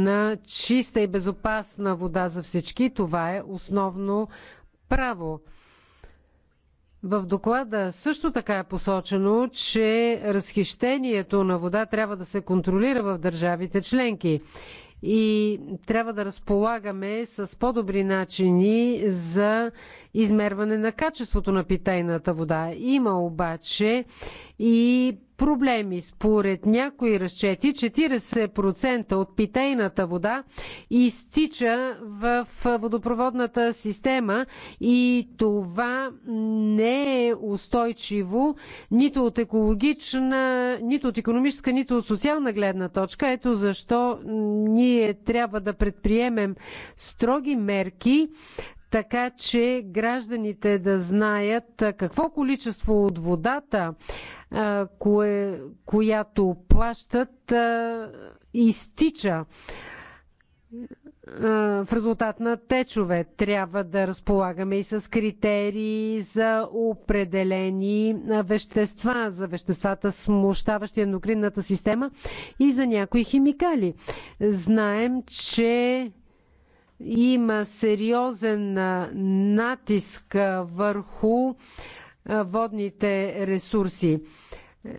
на чиста и безопасна вода за всички. Това е основно право. В доклада също така е посочено, че разхищението на вода трябва да се контролира в държавите членки и трябва да разполагаме с по-добри начини за измерване на качеството на питейната вода. Има обаче и проблеми. Според някои разчети 40% от питейната вода изтича в водопроводната система и това не е устойчиво нито от екологична, нито от економическа, нито от социална гледна точка. Ето защо ние трябва да предприемем строги мерки така че гражданите да знаят какво количество от водата, кое, която плащат, изтича в резултат на течове. Трябва да разполагаме и с критерии за определени вещества, за веществата смущаващи ендокринната система и за някои химикали. Знаем, че има сериозен натиск върху водните ресурси. Е,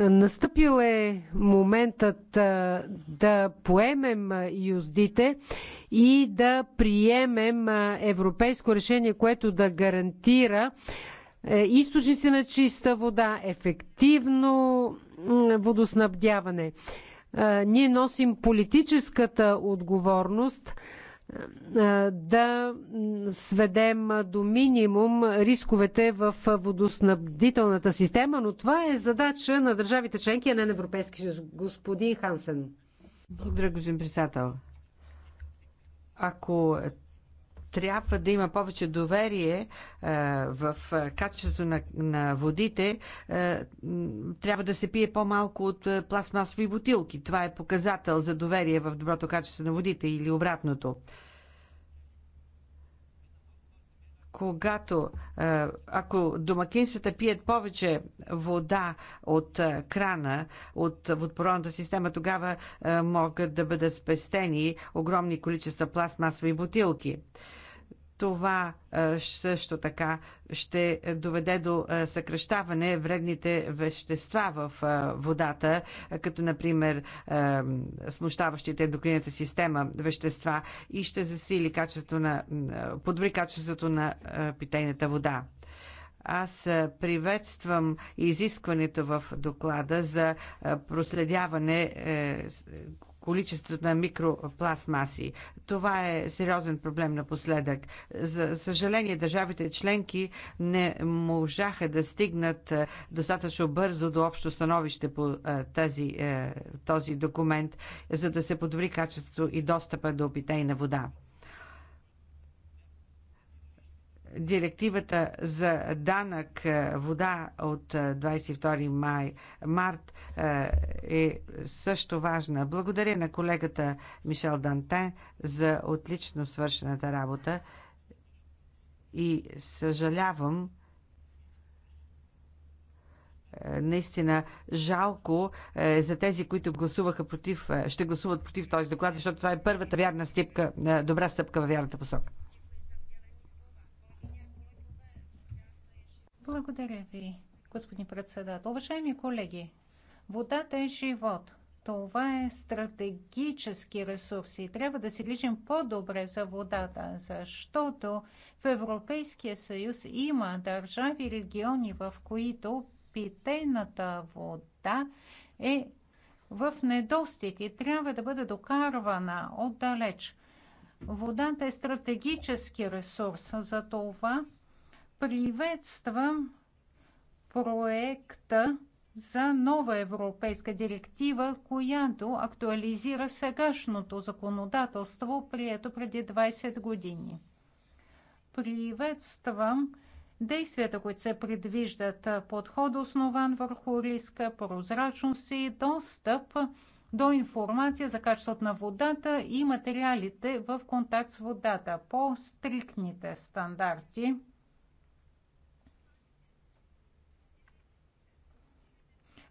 е, настъпил е моментът да поемем юздите и да приемем европейско решение, което да гарантира е, източници на чиста вода, ефективно водоснабдяване. Е, ние носим политическата отговорност е, да сведем до минимум рисковете в водоснабдителната система, но това е задача на държавите членки, а не на Европейски съюз. Господин Хансен. Благодаря, господин председател. Ако трябва да има повече доверие е, в е, качество на, на водите. Е, трябва да се пие по-малко от пластмасови бутилки. Това е показател за доверие в доброто качество на водите или обратното когато ако домакинствата пият повече вода от крана, от водопроводната система, тогава могат да бъдат спестени огромни количества пластмасови бутилки. Това също така ще доведе до съкръщаване вредните вещества в водата, като например смущаващите ендокринната система вещества и ще засили качество на, подобри качеството на питейната вода. Аз приветствам изискването в доклада за проследяване е, количеството на микропластмаси. Това е сериозен проблем напоследък. За съжаление, държавите членки не можаха да стигнат е, достатъчно бързо до общо становище по е, тази, е, този документ, за да се подобри качеството и достъпа до питейна вода директивата за данък е, вода от 22 е, май, март е, е също важна. Благодаря на колегата Мишел Дантен за отлично свършената работа и съжалявам, наистина жалко е, за тези, които гласуваха против, ще гласуват против този доклад, защото това е първата вярна стъпка, добра стъпка във вярната посока. Благодаря ви, господин председател. Уважаеми колеги, водата е живот. Това е стратегически ресурс и трябва да се грижим по-добре за водата, защото в Европейския съюз има държави и региони, в които питейната вода е в недостиг и трябва да бъде докарвана отдалеч. Водата е стратегически ресурс, за това Приветствам проекта за нова европейска директива, която актуализира сегашното законодателство, прието преди 20 години. Приветствам действията, които се предвиждат подход основан върху риска, прозрачност и достъп до информация за качеството на водата и материалите в контакт с водата по стриктните стандарти –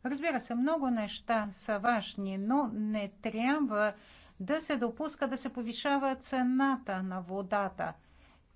Разбира се, много неща са важни, но не трябва да се допуска да се повишава цената на водата.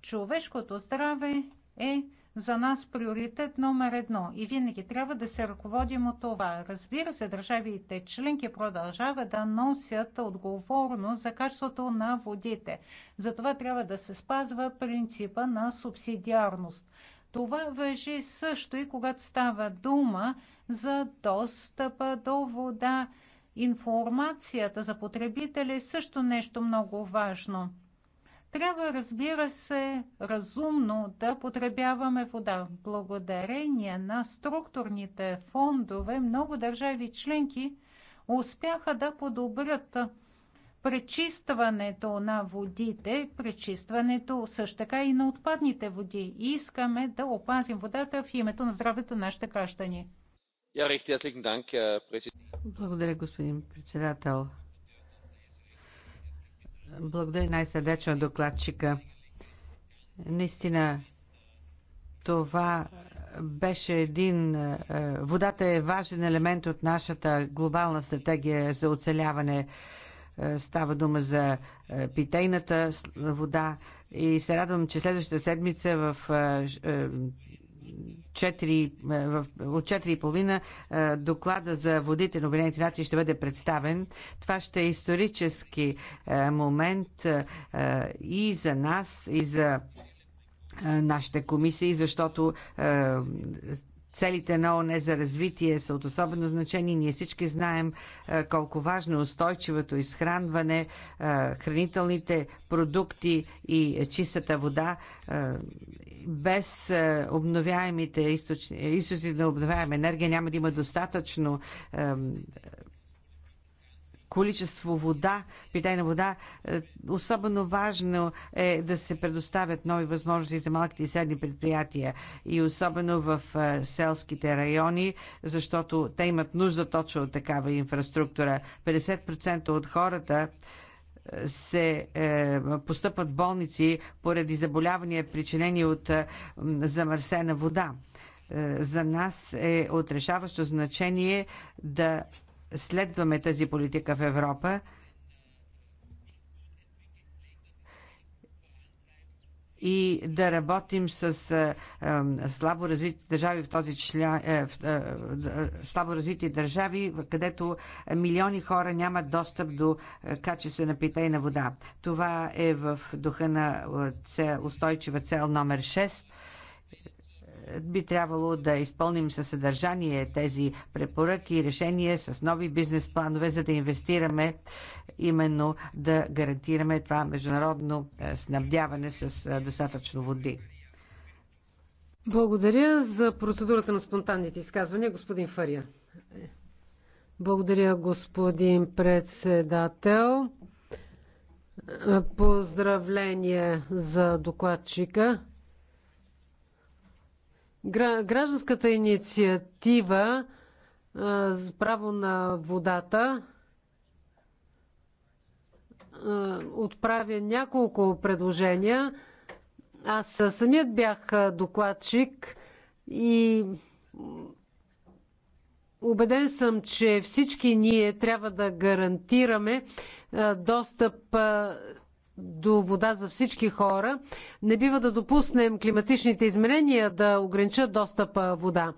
Човешкото здраве е за нас приоритет номер едно и винаги трябва да се ръководим от това. Разбира се, държавите членки продължават да носят отговорност за качеството на водите. Затова трябва да се спазва принципа на субсидиарност. Това въжи също и когато става дума за достъпа до вода. Информацията за потребителя е също нещо много важно. Трябва, разбира се, разумно да потребяваме вода. Благодарение на структурните фондове много държави членки успяха да подобрят пречистването на водите, пречистването също така и на отпадните води. И искаме да опазим водата в името на здравето на нашите граждани. Благодаря, господин председател. Благодаря най-сърдечно докладчика. Наистина, това беше един... Е, водата е важен елемент от нашата глобална стратегия за оцеляване. Е, става дума за е, питейната вода и се радвам, че следващата седмица в 4, е, от 4,5 е, доклада за водите на Обединените нации ще бъде представен. Това ще е исторически е, момент и за нас, и за нашите комисии, защото целите на ООН за развитие са от особено значение. Ние всички знаем колко важно е устойчивото изхранване, хранителните продукти и чистата вода. Без обновяемите източни, източни на обновяема енергия няма да има достатъчно количество вода, питайна вода. Е, особено важно е да се предоставят нови възможности за малките и средни предприятия и особено в е, селските райони, защото те имат нужда точно от такава инфраструктура. 50% от хората е, се е, постъпват в болници поради заболявания, причинени от е, замърсена вода. Е, за нас е отрешаващо значение да следваме тази политика в Европа, и да работим с а, а, слабо развити държави в този член, а, а, слабо развити държави, където милиони хора нямат достъп до качествена питейна вода. Това е в духа на устойчива цел номер 6 би трябвало да изпълним със съдържание тези препоръки и решения с нови бизнес планове, за да инвестираме именно да гарантираме това международно е, снабдяване с е, достатъчно води. Благодаря за процедурата на спонтанните изказвания, господин Фария. Благодаря, господин председател. Е, Поздравление за докладчика. Гражданската инициатива за право на водата отправя няколко предложения. Аз самият бях докладчик и убеден съм, че всички ние трябва да гарантираме достъп до вода за всички хора. Не бива да допуснем климатичните изменения да ограничат достъпа вода.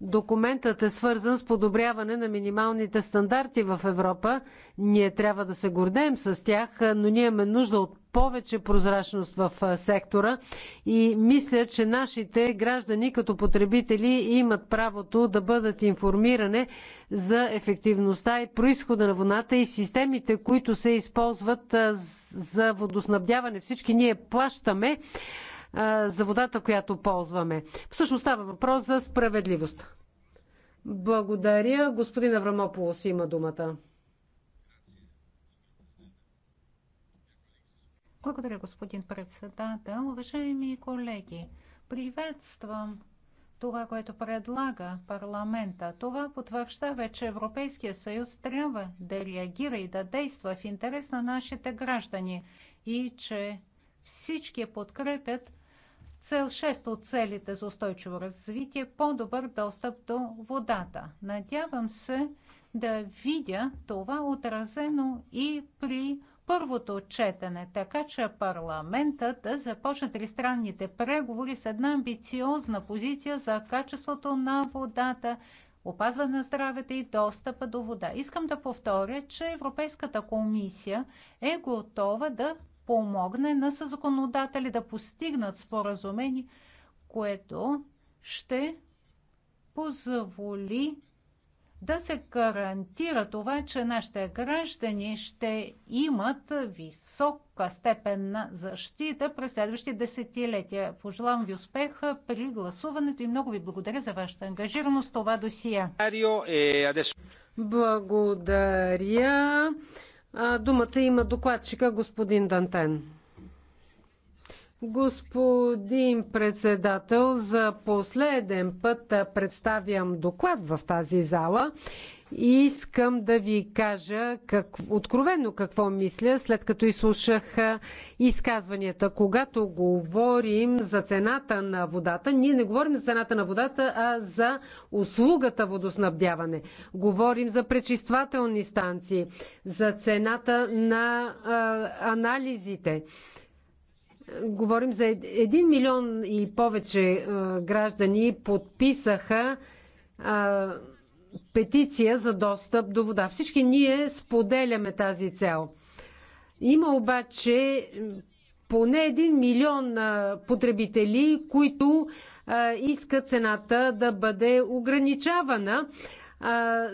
Документът е свързан с подобряване на минималните стандарти в Европа. Ние трябва да се гордеем с тях, но ние имаме нужда от повече прозрачност в сектора и мисля, че нашите граждани като потребители имат правото да бъдат информирани за ефективността и происхода на водата и системите, които се използват за водоснабдяване. Всички ние плащаме за водата, която ползваме. Всъщност става въпрос за справедливост. Благодаря. Господин Аврамополос има думата. Благодаря, господин председател. Уважаеми колеги, приветствам това, което предлага парламента. Това потвърждава, че Европейския съюз трябва да реагира и да действа в интерес на нашите граждани и че всички подкрепят Цел 6 от целите за устойчиво развитие по-добър достъп до водата. Надявам се да видя това отразено и при първото четене, така че парламентът да започне тристранните преговори с една амбициозна позиция за качеството на водата, опазване на здравето и достъпа до вода. Искам да повторя, че Европейската комисия е готова да помогне на законодатели да постигнат споразумение, което ще позволи да се гарантира това, че нашите граждани ще имат висока степен на защита през следващи десетилетия. Пожелавам ви успеха при гласуването и много ви благодаря за вашата ангажираност това досия. Eh, благодаря. Думата има докладчика господин Дантен. Господин председател, за последен път представям доклад в тази зала и искам да ви кажа как, откровенно какво мисля, след като изслушах изказванията. Когато говорим за цената на водата, ние не говорим за цената на водата, а за услугата водоснабдяване. Говорим за пречиствателни станции, за цената на а, анализите говорим за 1 милион и повече граждани подписаха петиция за достъп до вода. Всички ние споделяме тази цел. Има обаче поне един милион потребители, които искат цената да бъде ограничавана,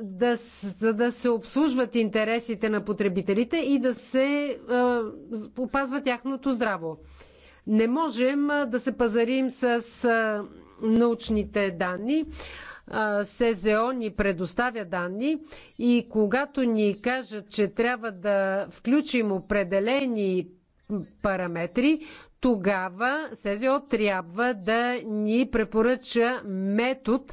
да, за да се обслужват интересите на потребителите и да се опазва тяхното здраво. Не можем да се пазарим с научните данни. СЗО ни предоставя данни и когато ни кажат, че трябва да включим определени параметри, тогава СЗО трябва да ни препоръча метод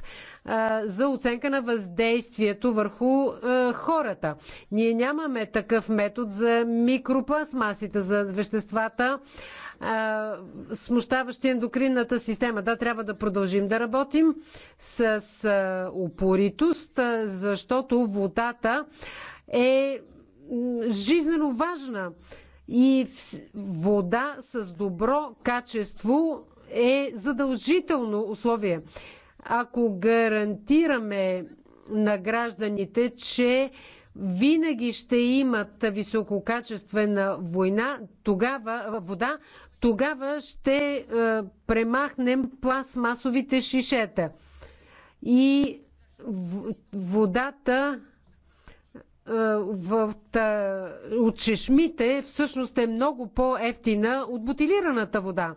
а, за оценка на въздействието върху а, хората. Ние нямаме такъв метод за микропластмасите, за веществата смущаващи ендокринната система. Да, трябва да продължим да работим с а, упоритост, а, защото водата е жизненно важна и вода с добро качество е задължително условие. Ако гарантираме на гражданите, че винаги ще имат висококачествена война, тогава, вода, тогава ще е, премахнем пластмасовите шишета. И водата е, в, е, от чешмите всъщност е много по-ефтина от бутилираната вода.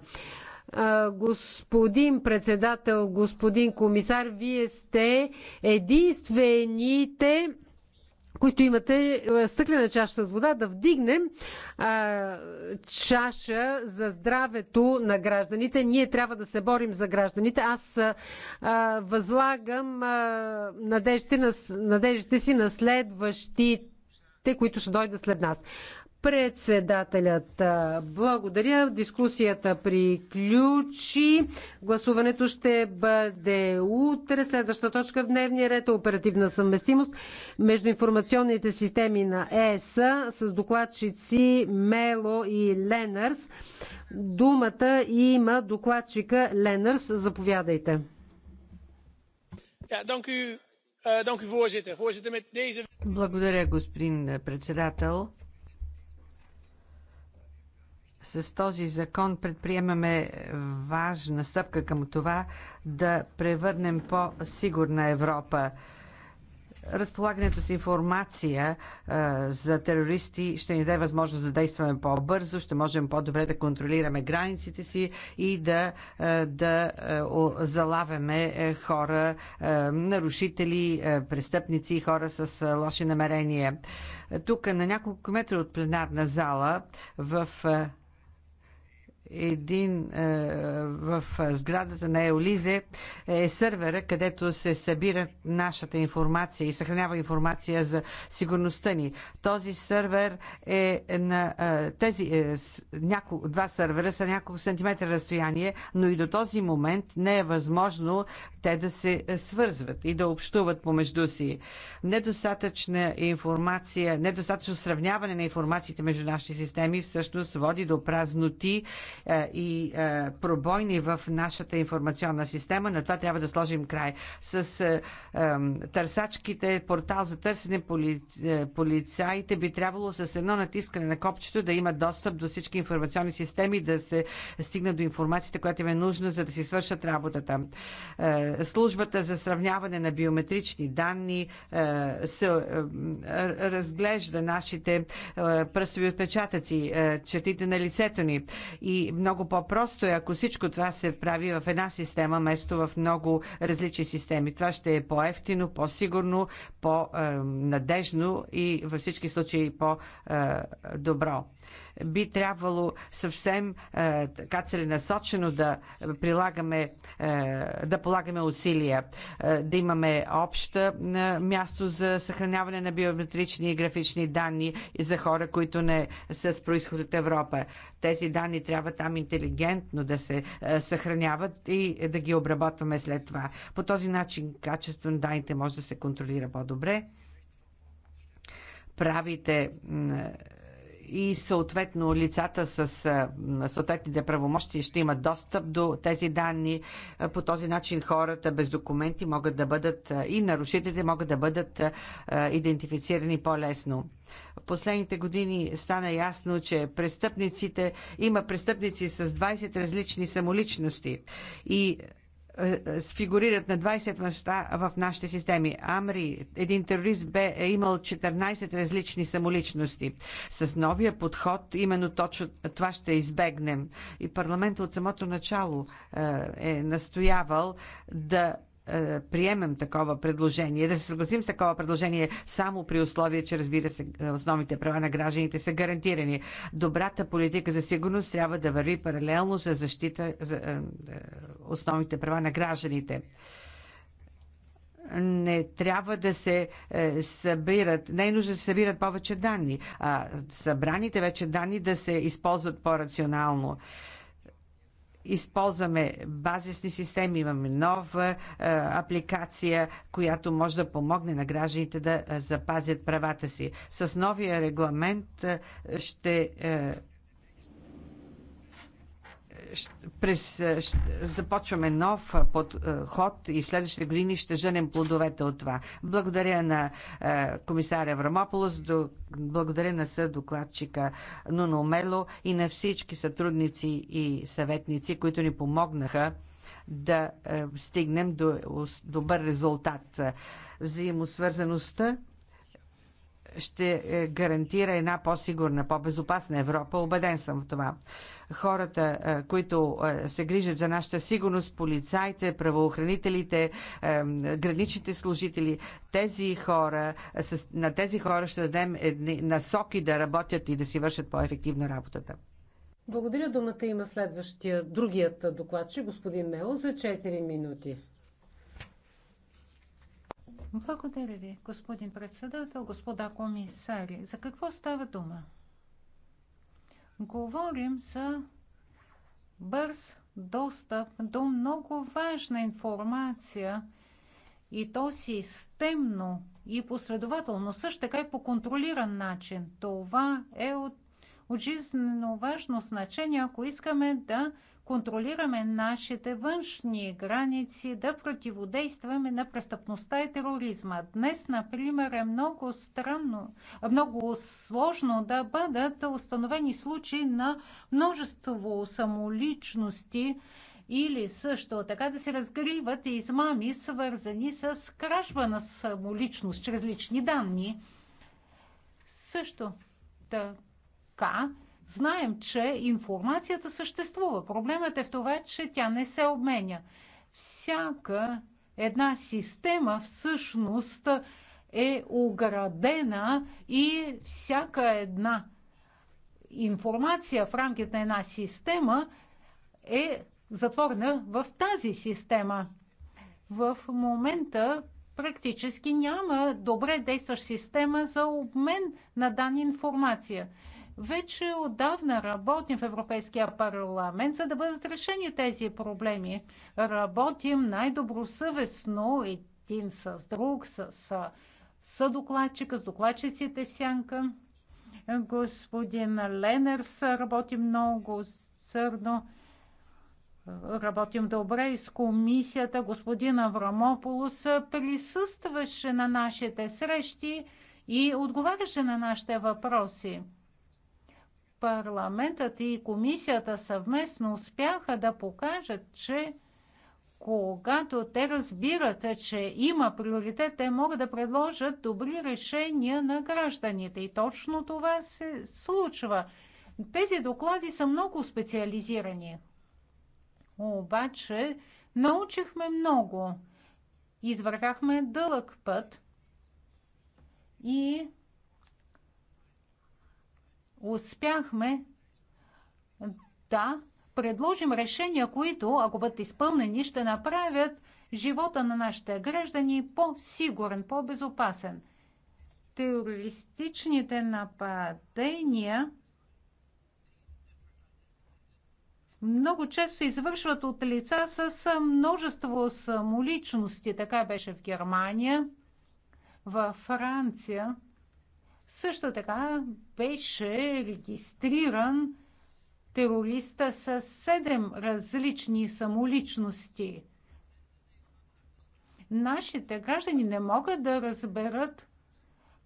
Господин председател, господин комисар, вие сте единствените които имате е, стъклена чаша с вода, да вдигнем а, чаша за здравето на гражданите. Ние трябва да се борим за гражданите. Аз а, възлагам а, надеждите, на, надеждите си на следващите, които ще дойдат след нас. Председателят, благодаря. Дискусията приключи. Гласуването ще бъде утре. Следваща точка в дневния ред е оперативна съвместимост между информационните системи на ЕС с докладчици Мело и Ленърс. Думата има докладчика Ленърс. Заповядайте. Eh, благодаря, господин председател с този закон предприемаме важна стъпка към това да превърнем по-сигурна Европа. Разполагането с информация а, за терористи ще ни даде възможност да действаме по-бързо, ще можем по-добре да контролираме границите си и да, а, да а, залавяме е, хора, а, нарушители, а, престъпници, хора с а, лоши намерения. Тук на няколко метра от пленарна зала в. А, един е, в сградата на Еолизе е сървъра, където се събира нашата информация и съхранява информация за сигурността ни. Този сървър е на е, тези е, няко, два сървъра са няколко сантиметра разстояние, но и до този момент не е възможно те да се свързват и да общуват помежду си. Недостатъчна информация, недостатъчно сравняване на информациите между нашите системи всъщност води до празноти е, и е, пробойни в нашата информационна система. На това трябва да сложим край. С е, търсачките, портал за търсене, поли, полицаите би трябвало с едно натискане на копчето да има достъп до всички информационни системи, да се стигне до информацията, която им е нужна, за да си свършат работата. Службата за сравняване на биометрични данни се разглежда нашите пръстови отпечатъци, чертите на лицето ни и и много по-просто е, ако всичко това се прави в една система, вместо в много различни системи. Това ще е по-ефтино, по-сигурно, по-надежно е, и във всички случаи по-добро. Е, би трябвало съвсем е, така целенасочено да прилагаме, е, да полагаме усилия, е, да имаме обща е, място за съхраняване на биометрични и графични данни и за хора, които не са с происход от Европа. Тези данни трябва там интелигентно да се е, съхраняват и да ги обработваме след това. По този начин качество на данните може да се контролира по-добре правите и съответно лицата с съответните правомощи ще имат достъп до тези данни. По този начин хората без документи могат да бъдат и нарушителите могат да бъдат идентифицирани по-лесно. В последните години стана ясно, че престъпниците има престъпници с 20 различни самоличности и е, е, фигурират на 20 места в нашите системи. Амри, един терорист, бе е имал 14 различни самоличности. С новия подход именно точно това ще избегнем. И парламентът от самото начало е, е настоявал да е, приемем такова предложение, да се съгласим с такова предложение само при условие, че разбира се основните права на гражданите са гарантирани. Добрата политика за сигурност трябва да върви паралелно за защита за е, е, основните права на гражданите не трябва да се събират, не е нужно да се събират повече данни, а събраните вече данни да се използват по-рационално използваме базисни системи, имаме нова е, апликация, която може да помогне на гражданите да е, запазят правата си. С новия регламент е, ще през, е, започваме нов е, подход е, и в следващите години ще женем плодовете от това. Благодаря на комисаря Врамополос, благодаря на съдокладчика Нуно Мело и на всички сътрудници и съветници, които ни помогнаха да стигнем до добър резултат. Взаимосвързаността ще е, гарантира една по-сигурна, по-безопасна Европа. Обеден съм в това. Хората, е, които е, се грижат за нашата сигурност, полицайите, правоохранителите, граничните служители, тези хора, на тези хора ще дадем едни насоки да работят и да си вършат по-ефективно работата. Благодаря. Думата има следващия, другият докладчик, господин Мело, за 4 минути. Благодаря ви, господин председател, господа комисари. За какво става дума? Говорим за бърз достъп до много важна информация и то системно и последователно, също така и по контролиран начин. Това е от, от жизненно важно значение, ако искаме да контролираме нашите външни граници, да противодействаме на престъпността и тероризма. Днес, например, е много странно, много сложно да бъдат установени случаи на множество самоличности, или също така да се разгриват измами, свързани с кражба на самоличност чрез лични данни. Също така Знаем, че информацията съществува. Проблемът е в това, че тя не се обменя. Всяка една система всъщност е оградена и всяка една информация в рамките на една система е затворена в тази система. В момента практически няма добре действащ система за обмен на данни информация. Вече отдавна работим в Европейския парламент, за да бъдат решени тези проблеми. Работим най-добросъвестно един с друг, с съдокладчика, с докладчиците в сянка. Господин Ленерс работи много сърдно. Работим добре и с комисията. Господин Аврамополос присъстваше на нашите срещи и отговаряше на нашите въпроси парламентът и комисията съвместно успяха да покажат, че когато те разбират, че има приоритет, те могат да предложат добри решения на гражданите. И точно това се случва. Тези доклади са много специализирани. Обаче научихме много. Извървяхме дълъг път и успяхме да предложим решения, които, ако бъдат изпълнени, ще направят живота на нашите граждани по-сигурен, по-безопасен. Терористичните нападения много често се извършват от лица с множество самоличности. Така беше в Германия, във Франция – също така беше регистриран терориста с седем различни самоличности. Нашите граждани не могат да разберат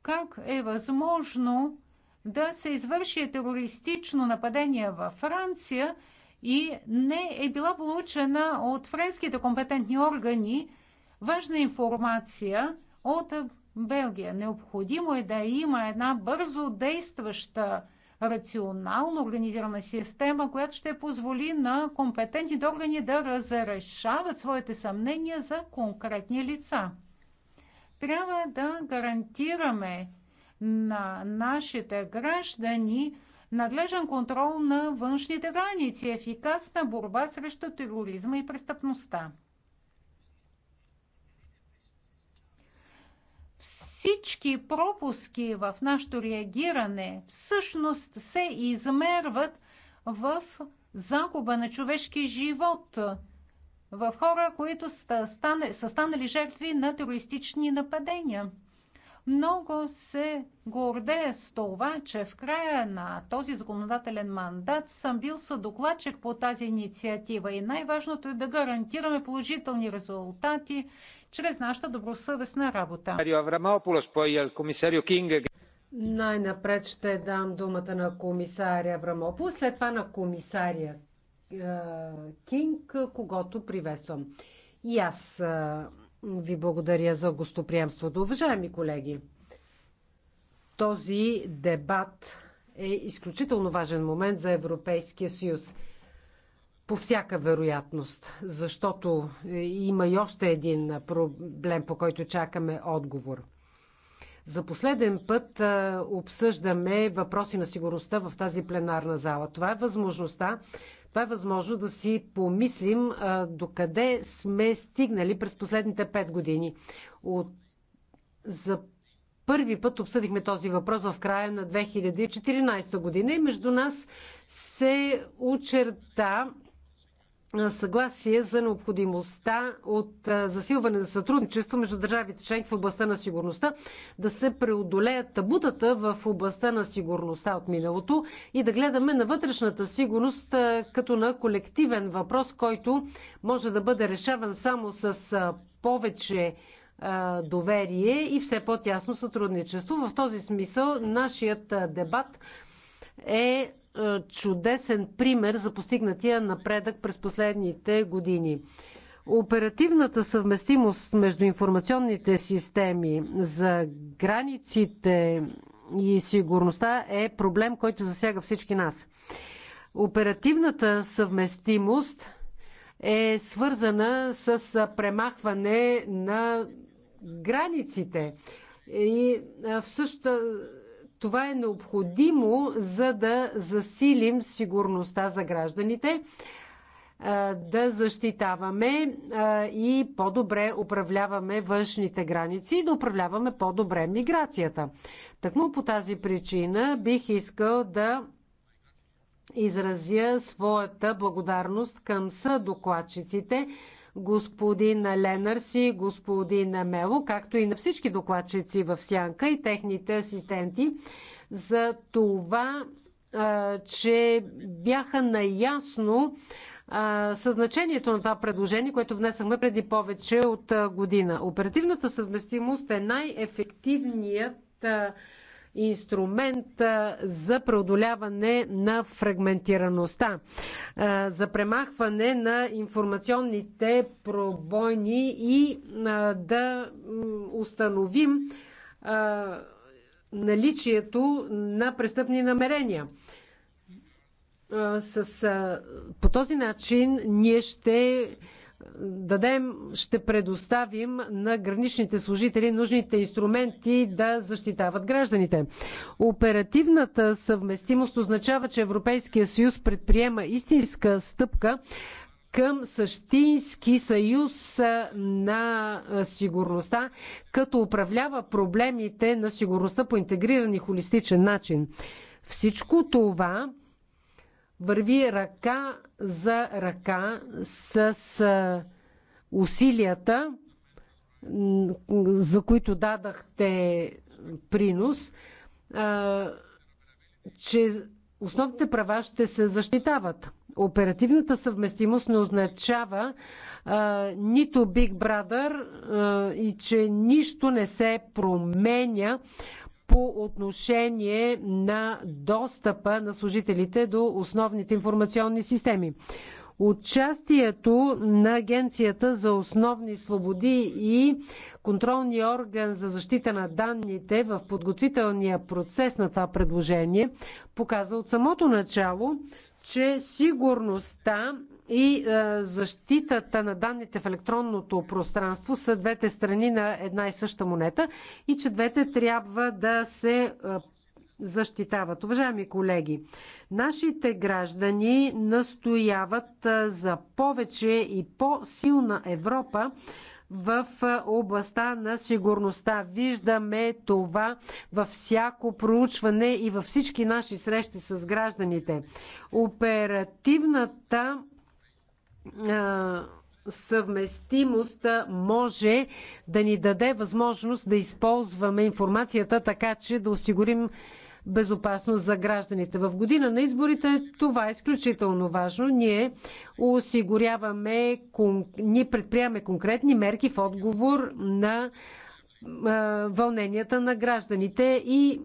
как е възможно да се извърши терористично нападение във Франция и не е била получена от френските компетентни органи важна информация от Белгия. Необходимо е да има една бързо действаща рационално организирана система, която ще позволи на компетентните органи да разрешават своите съмнения за конкретни лица. Трябва да гарантираме на нашите граждани надлежен контрол на външните граници, ефикасна борба срещу тероризма и престъпността. Всички пропуски в нашето реагиране всъщност се измерват в загуба на човешки живот в хора, които са станали жертви на терористични нападения много се гордея с това, че в края на този законодателен мандат съм бил съдокладчик по тази инициатива и най-важното е да гарантираме положителни резултати чрез нашата добросъвестна работа. Е Най-напред ще дам думата на комисаря Аврамопол, след това на комисаря е, Кинг, когато приветствам. И аз е, ви благодаря за гостоприемството. Уважаеми колеги, този дебат е изключително важен момент за Европейския съюз. По всяка вероятност, защото има и още един проблем, по който чакаме отговор. За последен път обсъждаме въпроси на сигурността в тази пленарна зала. Това е възможността това е възможно да си помислим а, докъде сме стигнали през последните пет години. От... За първи път обсъдихме този въпрос в края на 2014 година и между нас се очерта съгласие за необходимостта от засилване на сътрудничество между държавите членки в областта на сигурността, да се преодолеят табутата в областта на сигурността от миналото и да гледаме на вътрешната сигурност като на колективен въпрос, който може да бъде решаван само с повече доверие и все по-тясно сътрудничество. В този смисъл нашият дебат е е, чудесен пример за постигнатия напредък през последните години. Оперативната съвместимост между информационните системи за границите и сигурността е проблем, който засяга всички нас. Оперативната съвместимост е свързана с премахване на границите. И всъщност това е необходимо, за да засилим сигурността за гражданите, да защитаваме и по-добре управляваме външните граници и да управляваме по-добре миграцията. Такмо по тази причина бих искал да изразя своята благодарност към съдокладчиците, господин Ленърс и господин Мело, както и на всички докладчици в Сянка и техните асистенти за това, че бяха наясно съзначението на това предложение, което внесахме преди повече от година. Оперативната съвместимост е най-ефективният инструмент за преодоляване на фрагментираността, за премахване на информационните пробойни и да установим наличието на престъпни намерения. С, по този начин ние ще дадем, ще предоставим на граничните служители нужните инструменти да защитават гражданите. Оперативната съвместимост означава, че Европейския съюз предприема истинска стъпка към същински съюз на сигурността, като управлява проблемите на сигурността по интегриран и холистичен начин. Всичко това върви ръка за ръка с усилията, за които дадахте принос, че основните права ще се защитават. Оперативната съвместимост не означава а, нито Big Brother а, и че нищо не се променя по отношение на достъпа на служителите до основните информационни системи. Участието на Агенцията за основни свободи и контролния орган за защита на данните в подготвителния процес на това предложение показа от самото начало, че сигурността и е, защитата на данните в електронното пространство са двете страни на една и съща монета и че двете трябва да се е, защитават. Уважаеми колеги, нашите граждани настояват е, за повече и по-силна Европа в областта на сигурността. Виждаме това във всяко проучване и във всички наши срещи с гражданите. Оперативната съвместимост може да ни даде възможност да използваме информацията така, че да осигурим безопасност за гражданите. В година на изборите това е изключително важно. Ние осигуряваме, ние предприемаме конкретни мерки в отговор на вълненията на гражданите и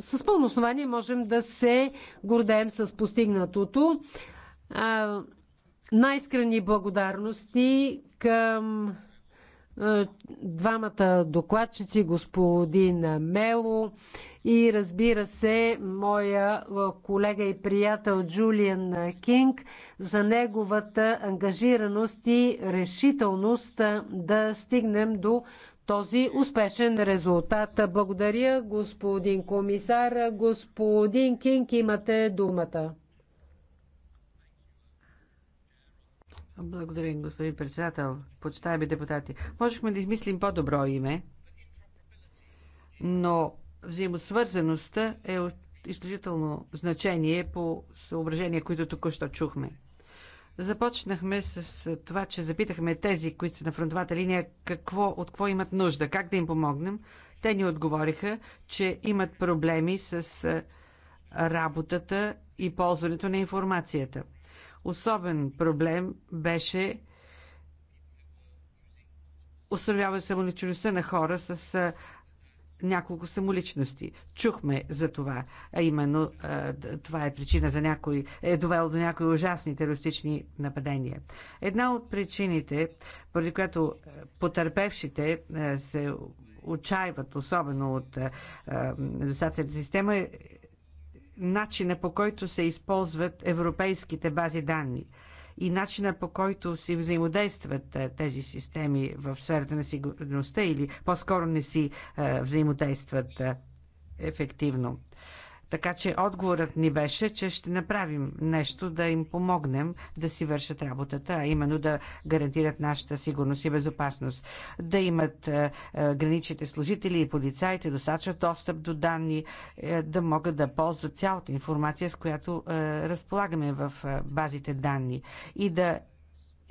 с пълно основание можем да се гордеем с постигнатото. Най-скрани благодарности към е, двамата докладчици, господин Мело и разбира се, моя е, колега и приятел Джулиан Кинг за неговата ангажираност и решителност е, да стигнем до този успешен резултат. Благодаря, господин комисар. Господин Кинг, имате думата. Благодаря, господин председател. Почитаеми депутати, можехме да измислим по-добро име, но взаимосвързаността е от изключително значение по съображения, които току-що чухме. Започнахме с това, че запитахме тези, които са на фронтовата линия, какво, от какво имат нужда, как да им помогнем. Те ни отговориха, че имат проблеми с работата и ползването на информацията. Особен проблем беше установява самоличността на хора с а, няколко самоличности. Чухме за това. А именно а, това е причина за някой, е довело до някои ужасни терористични нападения. Една от причините, поради която потърпевшите а, се отчаиват, особено от недостатъчната система, е начина по който се използват европейските бази данни и начина по който си взаимодействат е, тези системи в сферата на сигурността или по-скоро не си е, взаимодействат е, ефективно. Така че отговорът ни беше, че ще направим нещо да им помогнем да си вършат работата, а именно да гарантират нашата сигурност и безопасност. Да имат е, е, граничните служители и полицаите достатъчно достъп до данни, е, да могат да ползват цялата информация, с която разполагаме в базите данни и да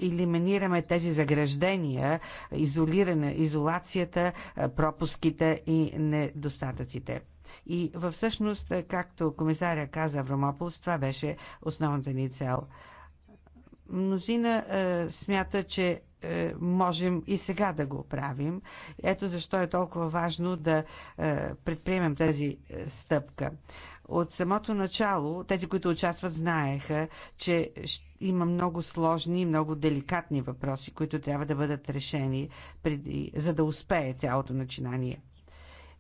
елиминираме тези заграждения, изолиране, изолацията, пропуските и недостатъците. И във всъщност, както комисаря каза Аврамополс, това беше основната ни цел. Мнозина е, смята, че е, можем и сега да го правим. Ето защо е толкова важно да е, предприемем тази стъпка. От самото начало тези, които участват, знаеха, че има много сложни и много деликатни въпроси, които трябва да бъдат решени, преди, за да успее цялото начинание.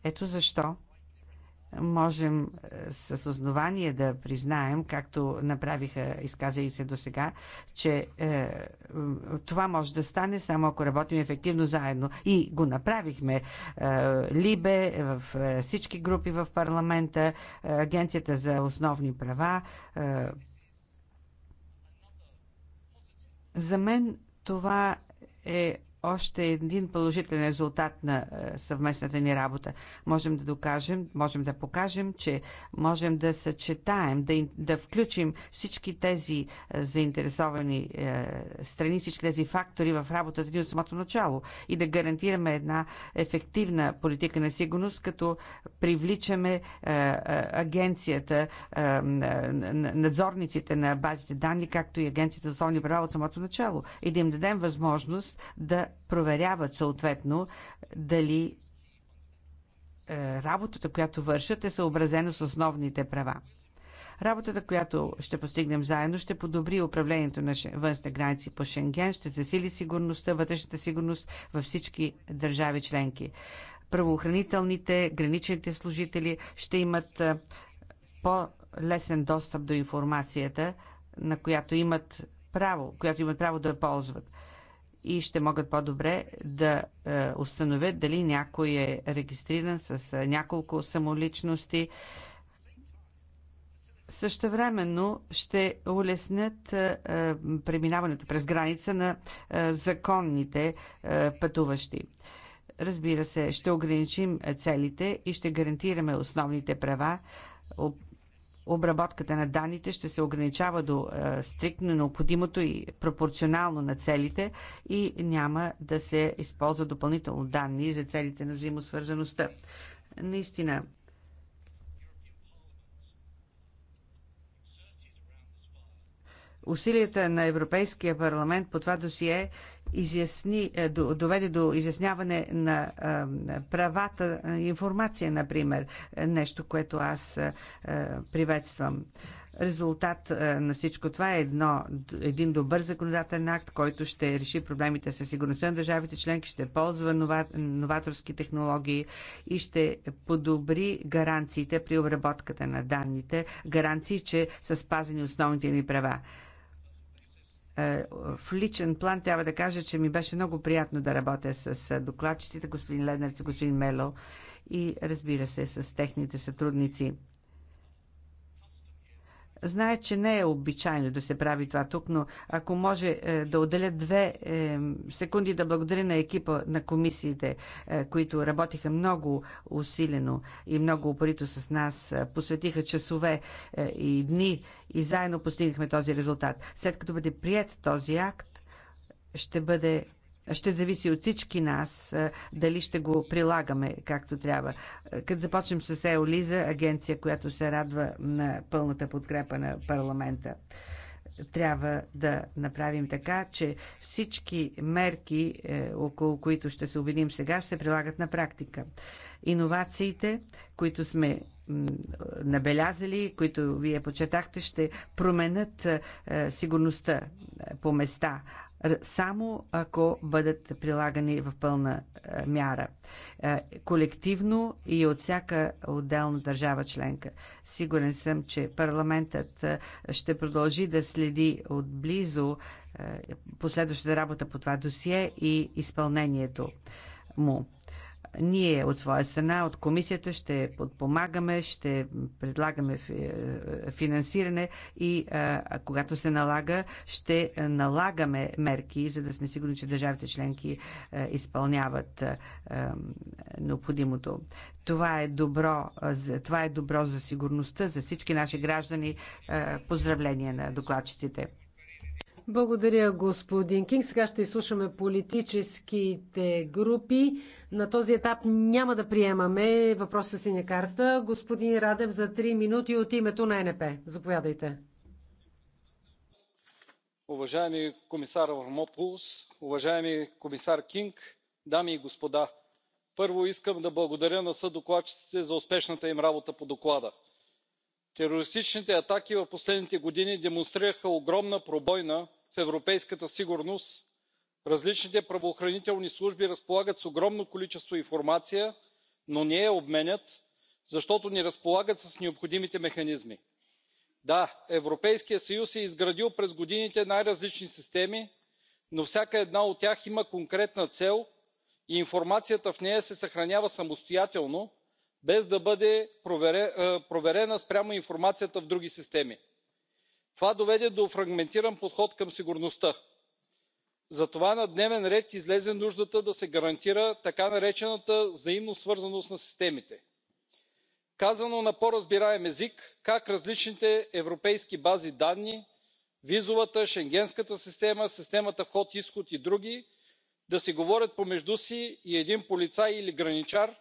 Ето защо можем е, с основание да признаем, както направиха изказали се до сега, че е, това може да стане само ако работим ефективно заедно. И го направихме. Е, Либе, в е, всички групи в парламента, е, Агенцията за основни права. Е, за мен това е още един положителен резултат на е, съвместната ни работа. Можем да докажем, можем да покажем, че можем да съчетаем, да, да включим всички тези е, заинтересовани е, страни, всички тези фактори в работата ни от самото начало и да гарантираме една ефективна политика на сигурност, като привличаме агенцията, надзорниците на базите данни, както и агенцията за основни права от самото начало и да им дадем възможност да проверяват съответно дали е, работата, която вършат, е съобразена с основните права. Работата, която ще постигнем заедно, ще подобри управлението на външните граници по Шенген, ще засили сигурността, вътрешната сигурност във всички държави членки. Правоохранителните, граничните служители ще имат е, по-лесен достъп до информацията, на която имат право, която имат право да ползват и ще могат по-добре да е, установят дали някой е регистриран с е, няколко самоличности. Също времено ще улеснят е, преминаването през граница на законните пътуващи. Разбира се, ще ограничим целите и ще гарантираме основните права, обработката на данните ще се ограничава до е, стриктно необходимото и пропорционално на целите и няма да се използва допълнително данни за целите на взаимосвързаността. Наистина, усилията на Европейския парламент по това досие изясни, е, доведе до изясняване на е, правата е, информация, например, нещо, което аз приветствам. Резултат на всичко това е едно, един добър законодателен акт, който ще реши проблемите със сигурността на държавите членки, ще ползва нова, новаторски технологии и ще подобри гаранциите при обработката на данните, гаранции, че са спазени основните ни права. Е, в личен план трябва да кажа, че ми беше много приятно да работя с е, докладчиците, господин Леднерц и господин Мело и разбира се с техните сътрудници. Знае, че не е обичайно да се прави това тук, но ако може е, да отделя две е, секунди да благодаря на екипа на комисиите, е, които работиха много усилено и много упорито с нас, посветиха часове и дни и заедно постигнахме този резултат. След като бъде прият този акт, ще бъде ще зависи от всички нас дали ще го прилагаме както трябва. Като започнем с Еолиза, агенция, която се радва на пълната подкрепа на парламента трябва да направим така, че всички мерки, е, около които ще се обединим сега, се прилагат на практика. Иновациите, които сме набелязали, които вие почетахте, ще променят е, сигурността е, по места, само ако бъдат прилагани в пълна е, мяра. Е, колективно и от всяка отделна държава членка. Сигурен съм, че парламентът е, ще продължи да следи отблизо последващата работа по това досие и изпълнението му. Ние от своя страна, от комисията ще подпомагаме, ще предлагаме е, финансиране и е, когато се налага, ще налагаме мерки, за да сме сигурни, че държавите членки е, изпълняват необходимото. Това е добро, това е добро за сигурността, за всички наши граждани. Поздравления на докладчиците. Благодаря, господин Кинг. Сега ще изслушаме политическите групи. На този етап няма да приемаме въпроса с синя карта. Господин Радев за 3 минути от името на НП. Заповядайте. Уважаеми комисар Аврамополос, уважаеми комисар Кинг, дами и господа! Първо искам да благодаря на съдокладчиците за успешната им работа по доклада. Терористичните атаки в последните години демонстрираха огромна пробойна в европейската сигурност различните правоохранителни служби разполагат с огромно количество информация но не я обменят защото не разполагат с необходимите механизми. да европейският съюз е изградил през годините най различни системи но всяка една от тях има конкретна цел и информацията в нея се съхранява самостоятелно без да бъде проверена спрямо информацията в други системи това доведе до фрагментиран подход към сигурността. затова на дневен ред излезе нуждата да се гарантира така наречената взаимно свързаност на системите. казано на по разбираем език как различните европейски бази данни визовата шенгенската система системата вход изход и други да си говорят помежду си и един полицай или граничар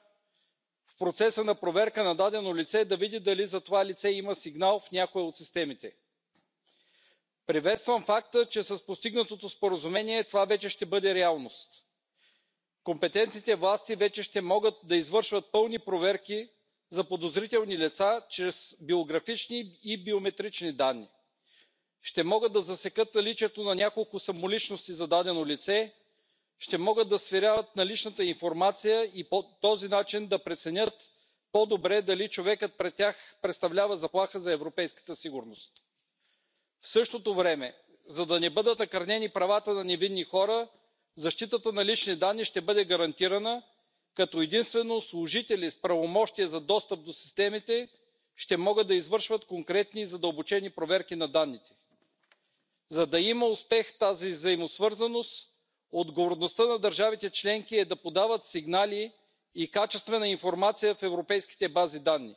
в процеса на проверка на дадено лице да види дали за това лице има сигнал в някоя от системите приветствам факта че с постигнатото споразумение това вече ще бъде реалност. компетентните власти вече ще могат да извършват пълни проверки за подозрителни лица чрез биографични и биометрични данни. ще могат да засекат наличието на няколко самоличности за дадено лице ще могат да сверяват наличната информация и по този начин да преценят по добре дали човекът пред тях представлява заплаха за европейската сигурност в същото време за да не бъдат накърнени правата на невинни хора защитата на лични данни ще бъде гарантирана като единствено служители с правомощия за достъп до системите ще могат да извършват конкретни и задълбочени проверки на данните. за да има успех тази взаимосвързаност отговорността на държавите членки е да подават сигнали и качествена информация в европейските бази данни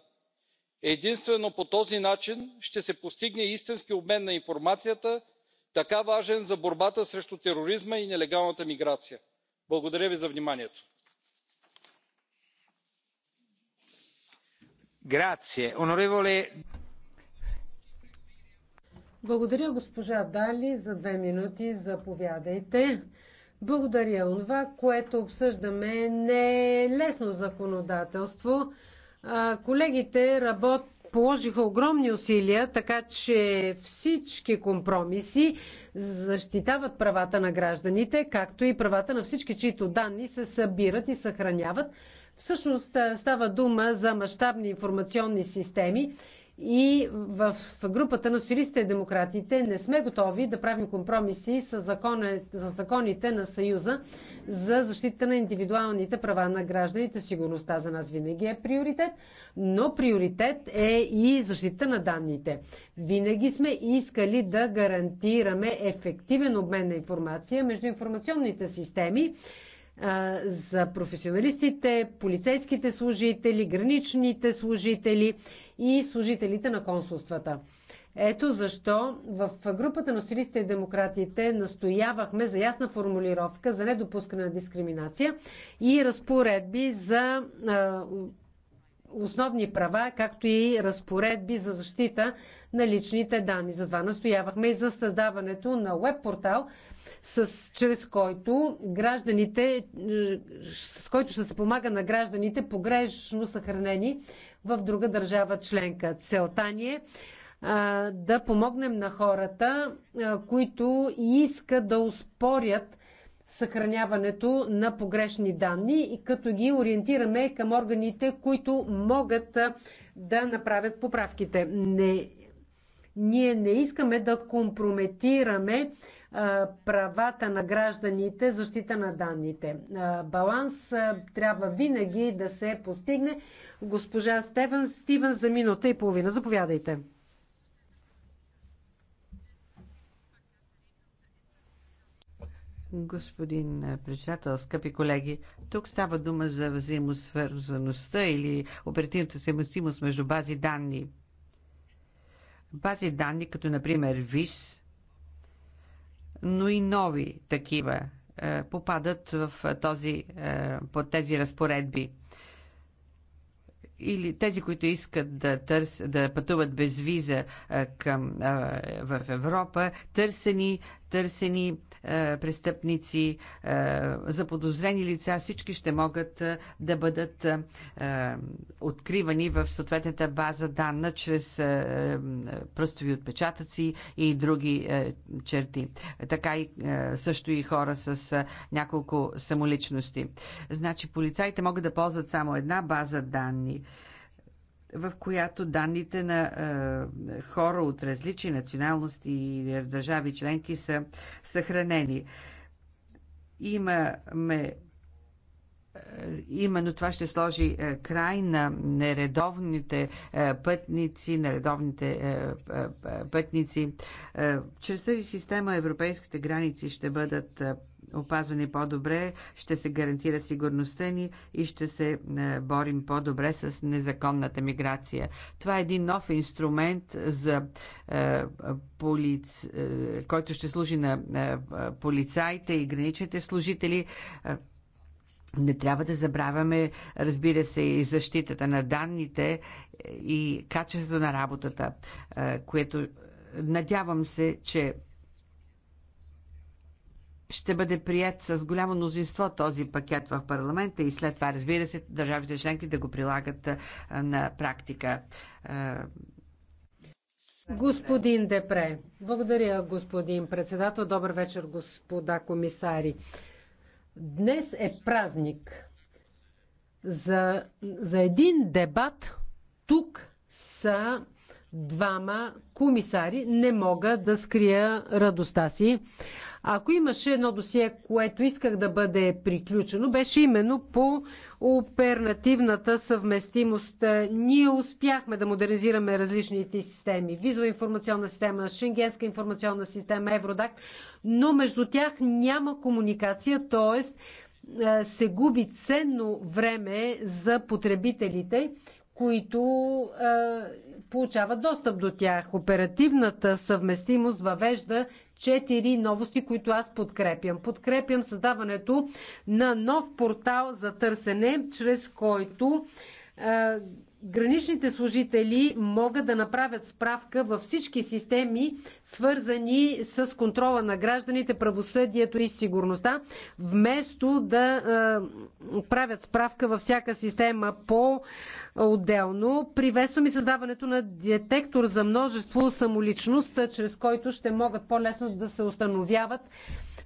единствено по този начин ще се постигне истински обмен на информацията така важен за борбата срещу тероризма и нелегалната миграция. благодаря ви за вниманието. Благодаря, госпожо Дали. За две минути заповядайте. Благодаря. Онова, което обсъждаме, не е лесно законодателство. Колегите работ положиха огромни усилия, така че всички компромиси защитават правата на гражданите, както и правата на всички, чието данни се събират и съхраняват. Всъщност става дума за мащабни информационни системи и в групата на социалистите и демократите не сме готови да правим компромиси с, законе, с законите на Съюза за защита на индивидуалните права на гражданите. Сигурността за нас винаги е приоритет, но приоритет е и защита на данните. Винаги сме искали да гарантираме ефективен обмен на информация между информационните системи за професионалистите, полицейските служители, граничните служители и служителите на консулствата. Ето защо в групата на силистите и демократите настоявахме за ясна формулировка за недопускане на дискриминация и разпоредби за основни права, както и разпоредби за защита на личните данни. Затова настоявахме и за създаването на веб-портал, с, чрез който гражданите, е, с който ще се помага на гражданите погрешно съхранени в друга държава членка. Целта ни е а, да помогнем на хората, а, които искат да успорят съхраняването на погрешни данни и като ги ориентираме към органите, които могат да направят поправките. Не, ние не искаме да компрометираме правата на гражданите, защита на данните. Баланс трябва винаги да се постигне. Госпожа Стивен, Стивен за минута и половина. Заповядайте. Господин председател, скъпи колеги, тук става дума за взаимосвързаността или оперативната съвместимост между бази данни. Бази данни, като например ВИС, но и нови такива е, попадат в е, този, е, под тези разпоредби. Или тези, които искат да, търс, да пътуват без виза към, в Европа, търсени търсени е, престъпници, е, заподозрени лица, всички ще могат е, да бъдат откривани в съответната база данна чрез пръстови отпечатъци и други черти. Така и също и хора с няколко самоличности. Значи полицаите могат да ползват само една база данни в която данните на е, хора от различни националности и държави членки са съхранени. Имаме именно това ще сложи е, край на нередовните е, пътници, нередовните е, пътници. Чрез тази система европейските граници ще бъдат опазвани по-добре, ще се гарантира сигурността ни и ще се борим по-добре с незаконната миграция. Това е един нов инструмент за който ще служи на полицаите и граничните служители не трябва да забравяме, разбира се, и защитата на данните е, и качеството на работата, е, което е, надявам се, че ще бъде прият с голямо мнозинство този пакет в парламента и след това, разбира се, държавите членки да го прилагат на практика. Господин Депре, благодаря господин председател. Добър вечер, господа комисари. Днес е празник за, за един дебат. Тук са двама комисари. Не мога да скрия радостта си. Ако имаше едно досие, което исках да бъде приключено, беше именно по оперативната съвместимост. Е, ние успяхме да модернизираме различните системи. Визова информационна система, Шенгенска информационна система, Евродакт, но между тях няма комуникация, т.е. Е, се губи ценно време за потребителите, които е, получават достъп до тях. Оперативната съвместимост въвежда четири новости, които аз подкрепям. Подкрепям създаването на нов портал за търсене, чрез който е, граничните служители могат да направят справка във всички системи, свързани с контрола на гражданите, правосъдието и сигурността, вместо да е, правят справка във всяка система по е, отделно. Приветствам и създаването на детектор за множество самоличност, чрез който ще могат по-лесно да се установяват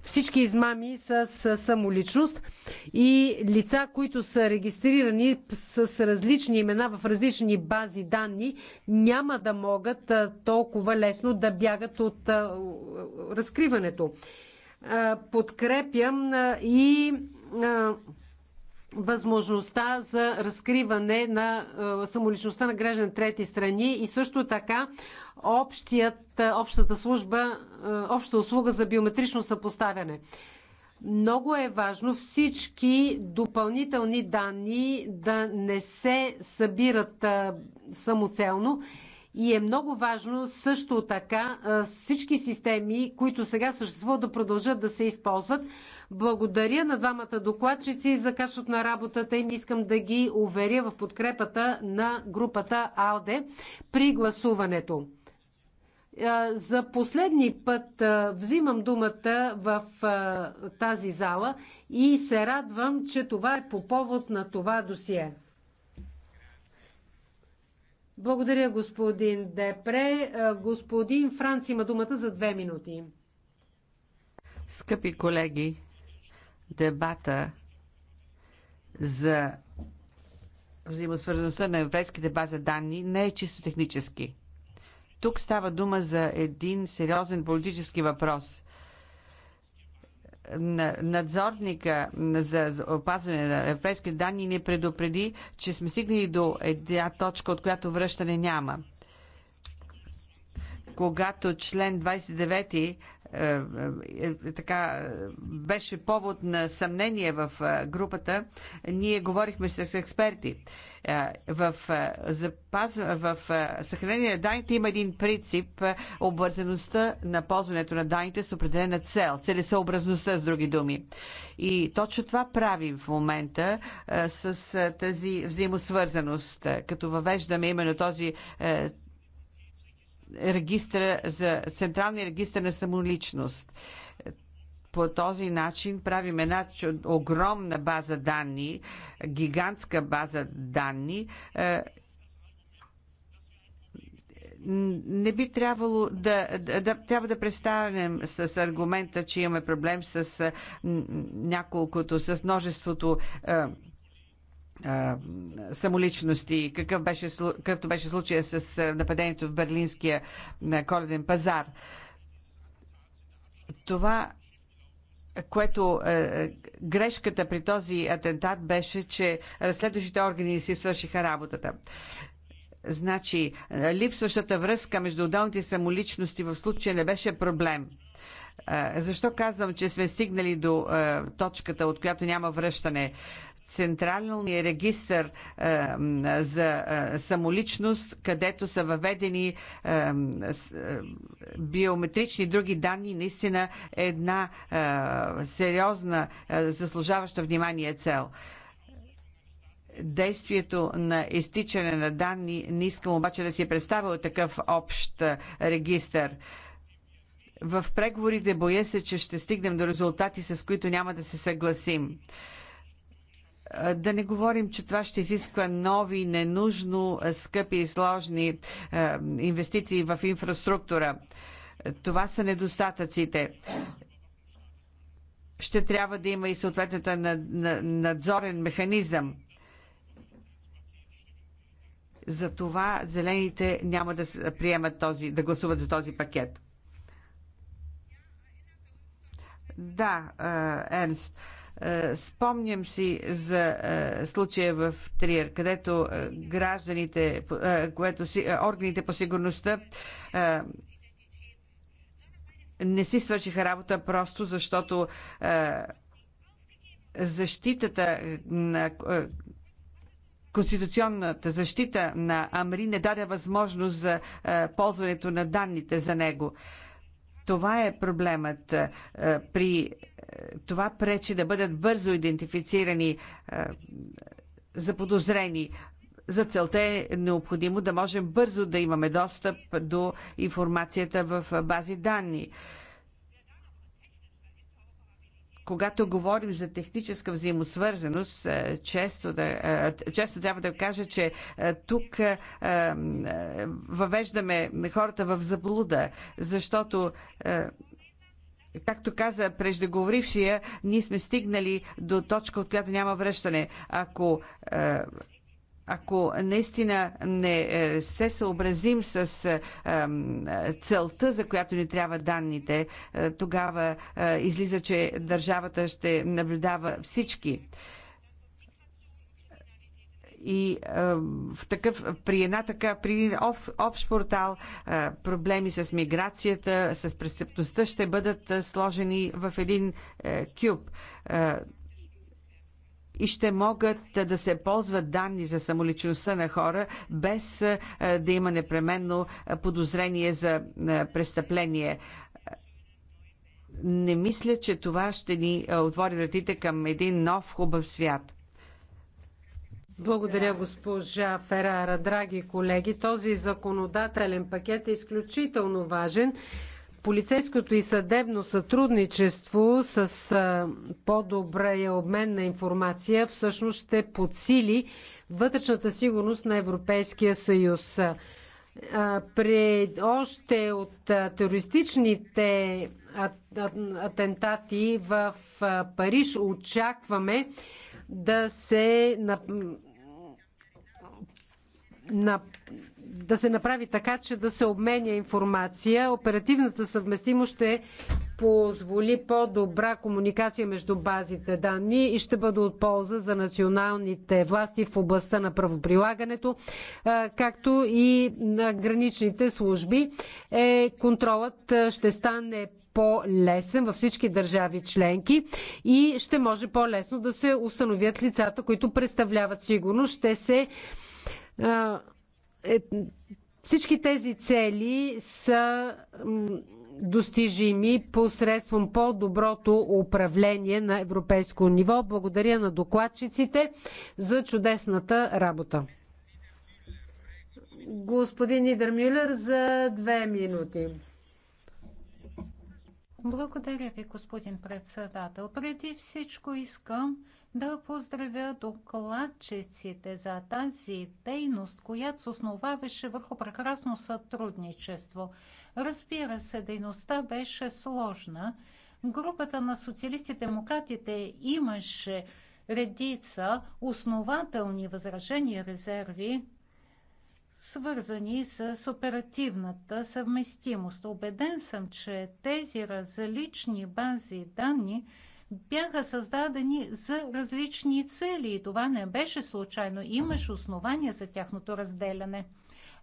всички измами с самоличност и лица, които са регистрирани с различни имена в различни бази данни, няма да могат толкова лесно да бягат от разкриването. Подкрепям и възможността за разкриване на е, самоличността на граждани трети страни и също така общият, е, общата служба, е, обща услуга за биометрично съпоставяне. Много е важно всички допълнителни данни да не се събират самоцелно и е много важно също така всички системи, които сега съществуват, да продължат да се използват. Благодаря на двамата докладчици за качеството на работата и Искам да ги уверя в подкрепата на групата АЛДЕ при гласуването. За последни път взимам думата в тази зала и се радвам, че това е по повод на това досие. Благодаря, господин Депре. Господин Франц има думата за две минути. Скъпи колеги, дебата за взаимосвързаността на европейските база данни не е чисто технически. Тук става дума за един сериозен политически въпрос. Надзорника за опазване на европейски данни ни предупреди, че сме стигнали до една точка, от която връщане няма. Когато член 29 е, е, е, така беше повод на съмнение в групата, ние говорихме с експерти. В, запаз, в съхранение на данните има един принцип обвързаността на ползването на данните с определена цел, целесъобразността с други думи. И точно това правим в момента с тази взаимосвързаност, като въвеждаме именно този регистра, за Централния регистр на самоличност. По този начин правим една огромна база данни, гигантска база данни. Е, не би трябвало да, да, да трябва да представим с аргумента, че имаме проблем с е, няколкото, с множеството е, самоличности, какъв беше, какъвто беше случая с нападението в Берлинския коледен пазар. Това което е, грешката при този атентат беше, че разследващите органи си свършиха работата. Значи, липсващата връзка между отделните самоличности в случая не беше проблем. защо казвам, че сме стигнали до точката, от която няма връщане? централния регистр за е, самоличност, където са въведени е, биометрични други данни, наистина е една сериозна, е, заслужаваща внимание цел действието на изтичане на данни. Не искам обаче да си е представил такъв общ регистър. В преговорите боя се, че ще стигнем до резултати, с които няма да се съгласим. Да не говорим, че това ще изисква нови, ненужно скъпи и сложни инвестиции в инфраструктура. Това са недостатъците ще трябва да има и съответната надзорен механизъм. За това зелените няма да приемат този, да гласуват за този пакет. Да, Ернст. Uh, е, спомням си за е, случая в Триер, където е, гражданите, което си, органите по сигурността не си свършиха работа просто защото защитата на конституционната защита на Амри не даде възможност за ползването на данните за него. Това е проблемът при това пречи да бъдат бързо идентифицирани е, заподозрени. За целта е необходимо да можем бързо да имаме достъп до информацията в бази данни. Когато говорим за техническа взаимосвързаност, е, често, да, е, често трябва да кажа, че тук въвеждаме хората в заблуда, защото Както каза преждеговорившия, ние сме стигнали до точка, от която няма връщане. Ако е, ако наистина не е, се съобразим с е, целта, за която ни трябва данните, тогава излиза, че държавата ще наблюдава всички и а, в такъв, при една така, при об, общ портал а, проблеми с миграцията, с престъпността ще бъдат а, сложени в един а, е, кюб. А, и ще могат да се ползват данни за самоличността на хора, без да има непременно подозрение за престъпление. Не мисля, че това ще ни отвори вратите към един нов хубав свят. Благодаря, госпожа Ферара. Драги колеги, този законодателен пакет е изключително важен. Полицейското и съдебно сътрудничество с по-добрия обмен на информация всъщност ще подсили вътрешната сигурност на Европейския съюз. При още от терористичните атентати в Париж очакваме да се на, да се направи така, че да се обменя информация. Оперативната съвместимост ще позволи по-добра комуникация между базите данни и ще бъде от полза за националните власти в областта на правоприлагането, както и на граничните служби. Е, контролът ще стане по-лесен във всички държави членки и ще може по-лесно да се установят лицата, които представляват сигурност. Ще се е, всички тези цели са достижими посредством по-доброто управление на европейско ниво. Благодаря на докладчиците за чудесната работа. Господин Нидермюлер за две минути. Благодаря ви, господин председател. Преди всичко искам да поздравя докладчиците за тази дейност, която се основаваше върху прекрасно сътрудничество. Разбира се, дейността беше сложна. Групата на социалисти демократите имаше редица основателни възражения резерви, свързани с оперативната съвместимост. Обеден съм, че тези различни бази данни – бяха създадени за различни цели и това не беше случайно. Имаше основания за тяхното разделяне.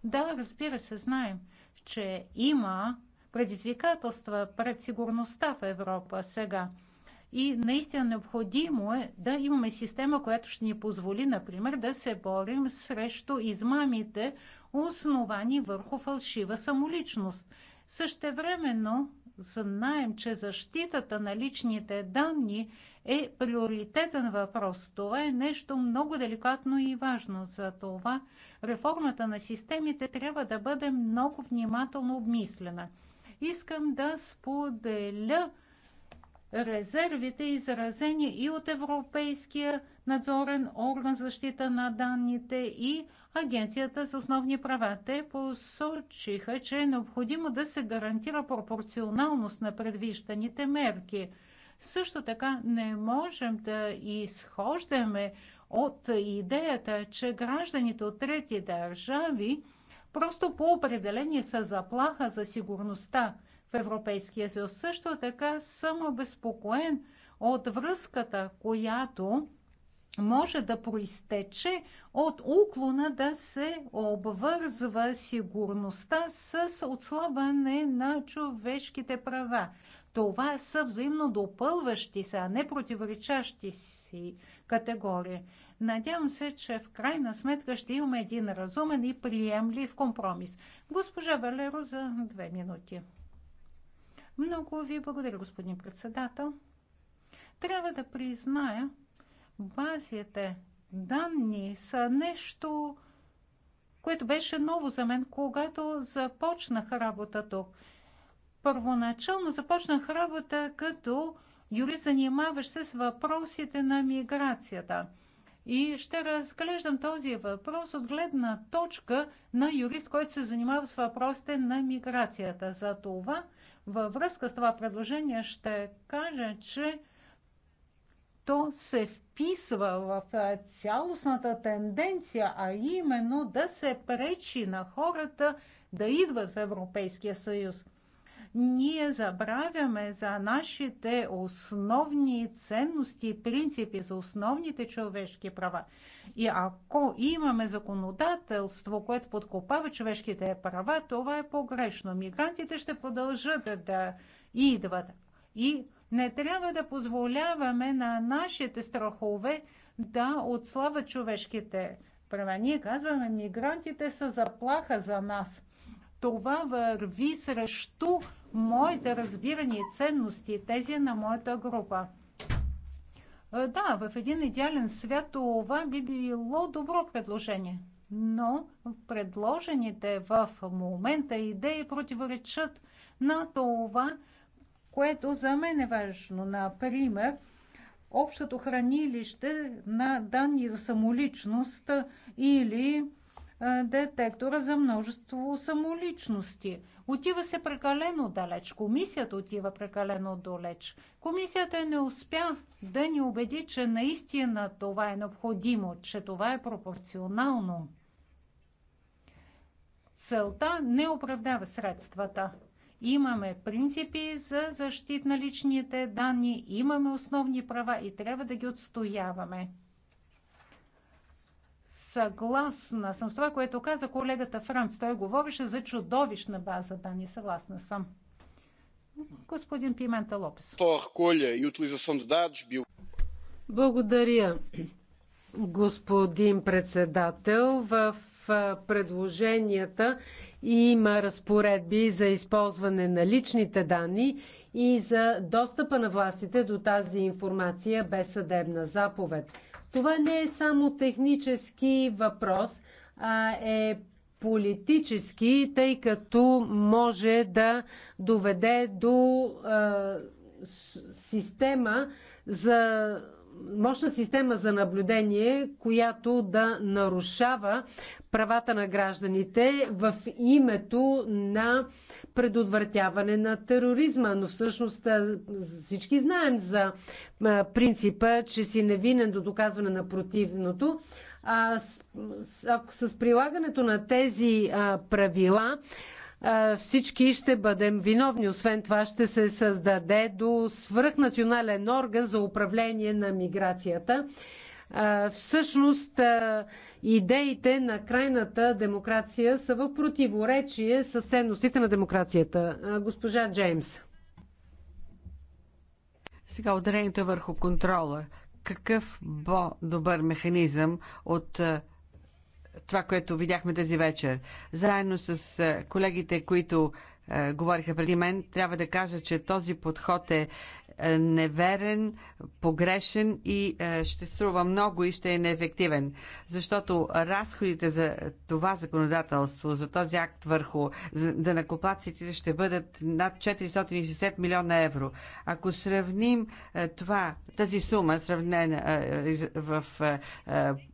Да, разбира се, знаем, че има предизвикателства пред сигурността в Европа сега. И наистина необходимо е да имаме система, която ще ни позволи, например, да се борим срещу измамите, основани върху фалшива самоличност. Същевременно знаем, че защитата на личните данни е приоритетен въпрос. Това е нещо много деликатно и важно. За това реформата на системите трябва да бъде много внимателно обмислена. Искам да споделя резервите, изразени и от Европейския надзорен орган защита на данните и Агенцията за основни права. Те посочиха, че е необходимо да се гарантира пропорционалност на предвижданите мерки. Също така не можем да изхождаме от идеята, че гражданите от трети държави просто по определение са заплаха за сигурността в Европейския съюз. Също така съм обезпокоен от връзката, която може да проистече от уклона да се обвързва сигурността с отслабване на човешките права. Това са взаимно допълващи се, а не противоречащи си категории. Надявам се, че в крайна сметка ще имаме един разумен и приемлив компромис. Госпожа Валеро за две минути. Много ви благодаря, господин председател. Трябва да призная, базите данни са нещо, което беше ново за мен, когато започнах работа тук. Първоначално започнах работа като юрист, занимаващ се с въпросите на миграцията. И ще разглеждам този въпрос от гледна точка на юрист, който се занимава с въпросите на миграцията. За това, във връзка с това предложение, ще кажа, че то се вписва в е, цялостната тенденция, а именно да се пречи на хората да идват в Европейския съюз. Ние забравяме за нашите основни ценности и принципи, за основните човешки права. И ако имаме законодателство, което подкопава човешките права, това е погрешно. Мигрантите ще продължат да идват. И не трябва да позволяваме на нашите страхове да отслабват човешките права. Ние казваме, мигрантите са заплаха за нас. Това върви срещу моите разбирани ценности, тези на моята група. Е, да, в един идеален свят това би било добро предложение. Но предложените в момента идеи противоречат на това, което за мен е важно. Например, общото хранилище на данни за самоличност или детектора за множество самоличности. Отива се прекалено далеч. Комисията отива прекалено далеч. Комисията не успя да ни убеди, че наистина това е необходимо, че това е пропорционално. Целта не оправдава средствата. Имаме принципи за защита на личните данни, имаме основни права и трябва да ги отстояваме. Съгласна съм с това, което каза колегата Франц. Той говореше за чудовищна база данни. Съгласна съм. Господин Пимента Лопес. Благодаря, господин председател. В предложенията има разпоредби за използване на личните данни и за достъпа на властите до тази информация без съдебна заповед. Това не е само технически въпрос, а е политически, тъй като може да доведе до е, система за мощна система за наблюдение, която да нарушава правата на гражданите в името на предотвратяване на тероризма. Но всъщност всички знаем за принципа, че си невинен до доказване на противното. А с, ако с прилагането на тези а, правила а, всички ще бъдем виновни. Освен това ще се създаде до свръхнационален орган за управление на миграцията. А, всъщност а, идеите на крайната демокрация са в противоречие с ценностите на демокрацията. Госпожа Джеймс. Сега ударението е върху контрола. Какъв по-добър механизъм от това, което видяхме тази вечер? Заедно с колегите, които говориха преди мен, трябва да кажа, че този подход е е неверен, погрешен и е, ще струва много и ще е неефективен. Защото разходите за това законодателство, за този акт върху данакоплаците ще бъдат над 460 милиона евро. Ако сравним е, това, тази сума, сравнена в...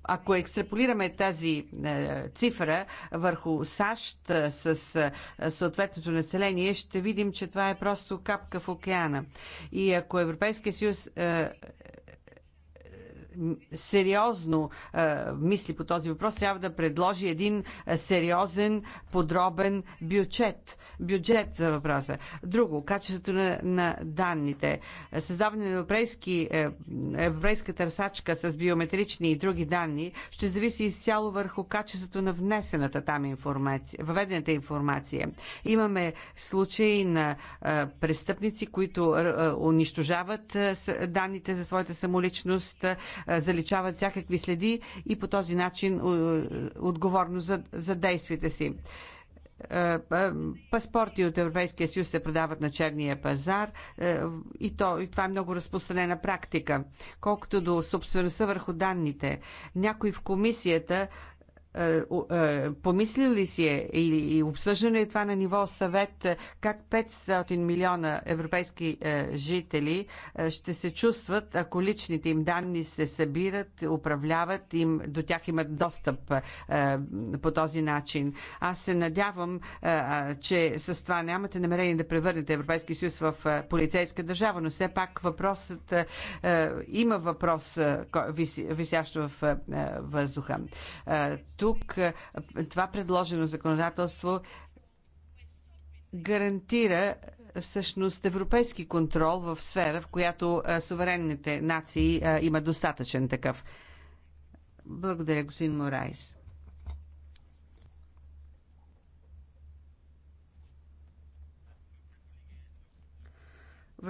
Ако екстраполираме тази цифра върху САЩ с съответното население, ще видим, че това е просто капка в океана. И ако Европейския съюз е, сериозно мисли по този въпрос, трябва да предложи един сериозен, подробен бюджет. Бюджет за въпроса. Друго, качеството на, на данните. Създаване на европейски, е, европейска търсачка с биометрични и други данни ще зависи изцяло върху качеството на внесената там информация, въведената информация. Имаме случаи на престъпници, които унищожават данните за своята самоличност, е, заличават всякакви следи и по този начин е, отговорност за, за действията си е, паспорти от Европейския съюз се продават на черния пазар и, то, и това е много разпространена практика. Колкото до собствеността върху данните, някои в комисията е, е, помислили ли си е или обсъждане е това на ниво съвет е, как 500 милиона европейски жители ще се чувстват, ако личните им данни се събират, управляват, им, до тях имат достъп по този начин. Аз се надявам, че с това нямате намерение да превърнете Европейския съюз в полицейска държава, но все пак въпросът има въпрос висящ в въздуха тук това предложено законодателство гарантира всъщност европейски контрол в сфера, в която суверенните нации имат достатъчен такъв. Благодаря, господин Морайс.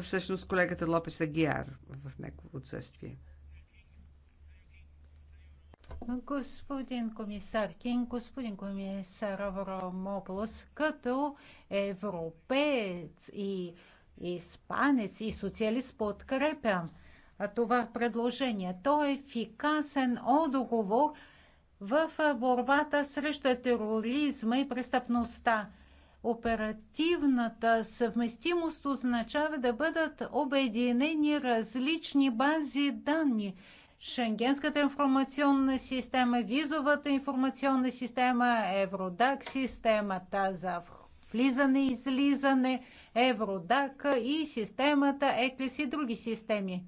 Всъщност колегата Лопес Агиар в негово отсъствие. Господин комисар Кин, господин комисар Аврамополос, като европеец и испанец и социалист подкрепям това предложение. То е ефикасен отговор в борбата срещу тероризма и престъпността. Оперативната съвместимост означава да бъдат обединени различни бази данни – Шенгенската информационна система, визовата информационна система, Евродак системата за влизане и излизане, Евродак и системата ЕКЛИС и други системи.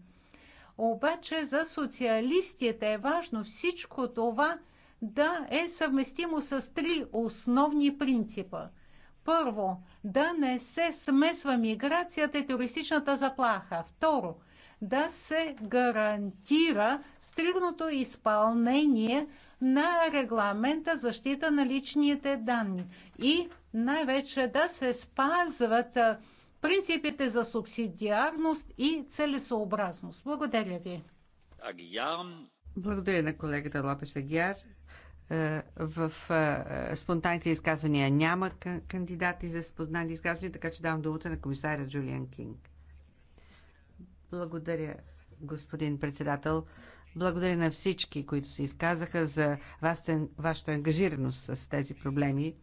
Обаче за социалистите е важно всичко това да е съвместимо с три основни принципа. Първо, да не се смесва миграцията и туристичната заплаха. Второ, да се гарантира стригното изпълнение на регламента защита на личните данни и най-вече да се спазват принципите за субсидиарност и целесообразност. Благодаря ви. Благодаря на колегата Лопеш Агиар. Е, в е, спонтанните изказвания няма кандидати за спонтанни изказвания, така че давам думата на комисаря Джулиан Кинг. Благодаря, господин председател. Благодаря на всички, които се изказаха за вашата ангажираност с тези проблеми.